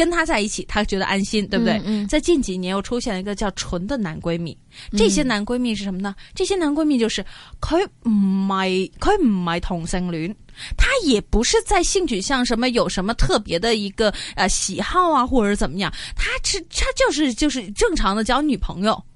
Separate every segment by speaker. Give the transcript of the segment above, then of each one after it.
Speaker 1: 跟他在一起，他覺得安心，對不對？嗯嗯、在近幾年又出現了一個叫“純”的男閨蜜，這些男閨蜜是什麼呢？嗯、這些男閨蜜就是可以，佢唔係佢唔係同性戀，他也不是在性取向什麼有什麼特別的一個呃喜好啊，或者怎麼樣，他是，他就是就是正常的交女朋友。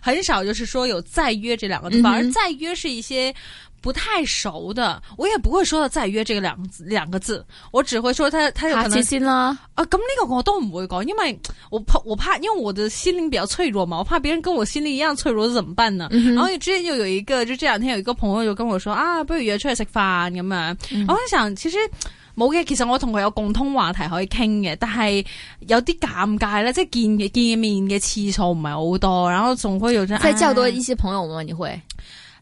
Speaker 1: 很少就是說有再約這兩個字，反而再約是一些不太熟的，嗯、我也不會說到再約這個兩個字，兩個字，我只會說他他有可能。怕起心啦啊，咁呢個我都唔會講，因為我怕我怕，我怕，因為我的心靈比較脆弱嘛，我怕別人跟我心靈一樣脆弱，怎麼辦呢、嗯？然後之前就有一個，就這兩天有一個朋友就跟我說啊，不如約出來食飯咁樣，你嗯、然後我就想其實。冇嘅，其實我同佢有共通話題可以傾嘅，但係有啲尷尬咧，即係見見面嘅次數唔係好多，然後仲可、啊、以要即係交多一些朋友嘛？你會。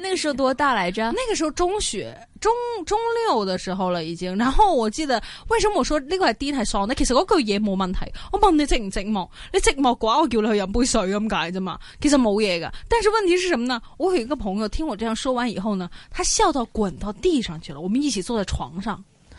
Speaker 1: 那個時候多大來着？ 那個時候中學中中六的時候了，已經。然後我記得為什麼我說那、這個係一台燒呢？其實個句嘢冇問題，我問你寂唔寂寞？你寂寞嘅話我叫你去飲杯水咁解啫嘛。其實冇嘢噶。但是問題是什麼呢？我有一個朋友聽我這樣說完以後呢，他笑到滾到地上去了。我們一起坐在床上。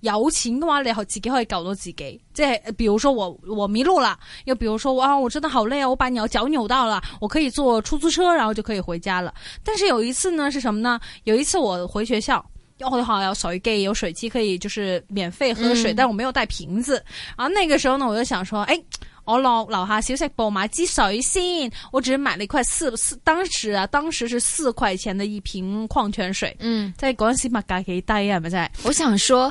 Speaker 1: 有錢的話，你可自己可以搞到自己。即係，比如說我我迷路了，又比如說我啊，我真的好累啊，我把我腳扭到了，我可以坐出租車，然後就可以回家了。但是有一次呢，是什麼呢？有一次我回學校，又、哦、好要掃 U G，有水機可以就是免費喝水，嗯、但我沒有帶瓶子。然、啊、後那個時候呢，我就想說，誒、哎，我老留下小少馬買支水先。我只是買了一塊四四，當時啊，當時是四塊錢的一瓶礦泉水。嗯，在廣西買架可以帶咩？唔知？我想說。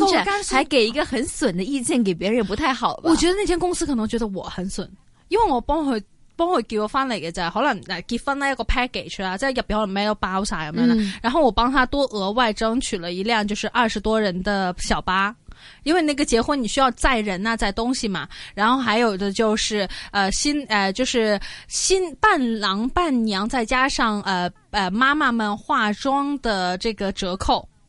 Speaker 1: 但剛才還給一個很損的意見給別人也不太好吧？我覺得那間公司可能覺得我很損，因為我幫佢幫佢給我放嚟個在可能嚟 give 一個 package 啊，再一個比方沒有包啥有沒有、嗯？然後我幫他多額外爭取了一輛就是二十多人的小巴，因為那個結婚你需要載人呐、啊，載東西嘛。然後還有的就是呃新呃就是新伴郎伴娘再加上呃呃媽媽們化妝的這個折扣。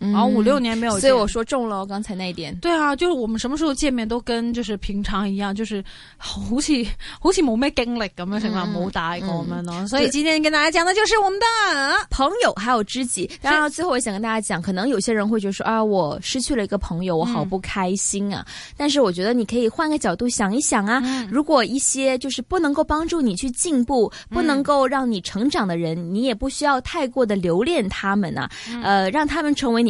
Speaker 1: 然、哦、後、嗯、五六年沒有，所以我說中了剛才那一點。對啊，就是我們什麼時候見面都跟就是平常一樣，就是好似好似冇咩經歷咁樣，起碼冇打一個我們哦、嗯。所以今天跟大家講的就是我們的朋友還有知己。然後最後我想跟大家講，可能有些人會覺得說啊，我失去了一個朋友，我好不開心啊。嗯、但是我覺得你可以換個角度想一想啊、嗯，如果一些就是不能夠幫助你去進步、嗯、不能夠讓你成長的人，你也不需要太過的留戀他們呢、啊嗯。呃，讓他們成為你。